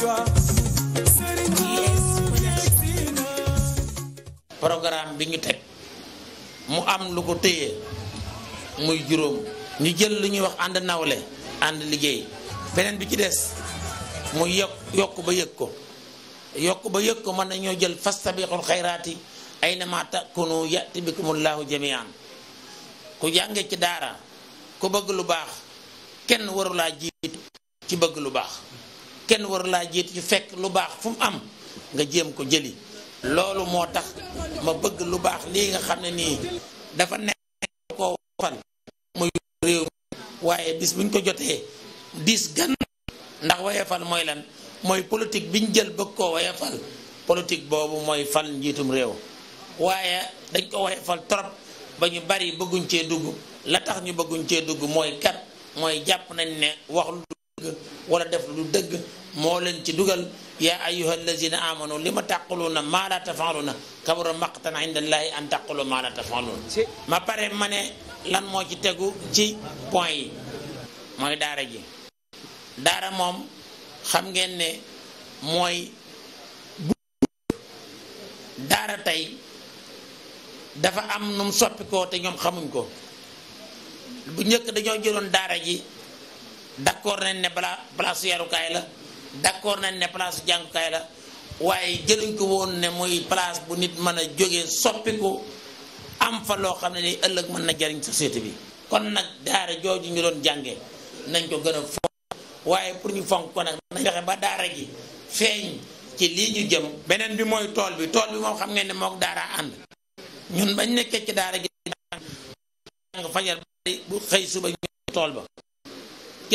joie. bi ñu teg mu am lu ko téye muy juróom ñu jël lu ñuy wax ànd nawle ànd liggéey beneen bi ci des mu yokk yokk ba yëg ko yokk ba yëg ko mën nañoo jël fastabiqul xayraati aynama takunu yati bikumullahu jamian ku jànge ci daara ku bëgg lu baax kenn warulaa jiit ci bëgg lu baax kenn war laa jiit ci fekk lu baax fu mu am nga jéem ko jëli loolu moo tax ma bëgg lu baax lii nga xam ne nii dafa nekk koo fal muy réew bis buñ ko jotee diis gan ndax wayefal mooy lan mooy politique biñ jël bëgg koo wayefal politique boobu mooy fal njiitum réew waaye dañ ko wayefal trop ba ñu bari bëgguñ cee dugg la tax ñu bëgguñ cee dugg mooy kat mooy jàpp nañ ne wax lu dëgg wala def lu dëgg moo leen ci dugal yaa ayuha alladina amanu li ma taquluuna maa la na kabura maqtan inda allahi an taqulu maa la tafaaluuna ma pare ma ne lan moo ci tegu ci point yi mooy daara ji daara moom xam ngeen ne mooy daara tey dafa am nu mu soppi ko te ñoom xamuñ ko bu njëkk dañoo jëloon daara ji d'accord nañ ne balaa place yarukaay la d'accord nañ ne place jàngukaay la waaye jëluñ ko woon ne muy place bu nit mën a jóge soppi ko am fa loo xam ne lii ëllëg mën na jariñ société bi kon nag daara jooju ñu doon jàngee nañ ko gën a fonk waaye pour ñu fonk ko nag nañ fexe ba daara ji feeñ ci lii ñu jëm beneen bi mooy tool bi tool bi moo xam ngeen ne mook daara ànd ñun bañ nekkee ci daara ji jàng fajar bu xëy suba ñu tool ba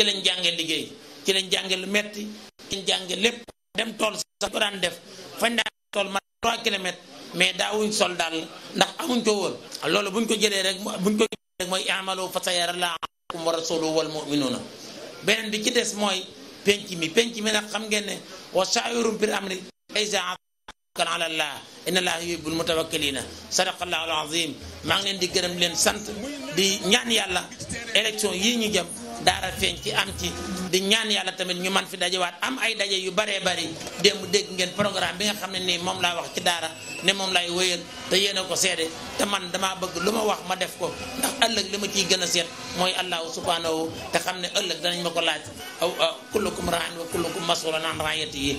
ci lañ jànge liggéey ci lañ jànge lu metti ci lañ jànge lépp dem tool sax ko daan def fañ daan tool man trois kilomètres mais daawuñ sol daal ndax amuñ ko woon loolu buñ ko jëlee rek buñ ko jëlee rek mooy amalu fa sayara laahu amalakum wa rasuluhu wal muminuuna beneen bi ci des mooy penc mi penc mi nag xam ngeen ne wa shaawirum fil amri isa kan ala llah inna allaha yuhibbul mutawakkilina sadaqallahu alazim maa ngi leen di gërëm daara feeñ ci am ci di ñaan yàlla tamit ñu man fi waat am ay daje yu baree bari démb dégg ngeen programme bi nga xam ne nii moom laa wax ci daara ne moom laay wéyal te yéen a ko seede te man damaa bëgg lu ma wax ma def ko ndax ëllëg li ma ciy gën a seet mooy allahu subhanahu te xam ne ëllëg danañ ma ko laaj aw kullukum raan wa kullukum masulan an raayati yi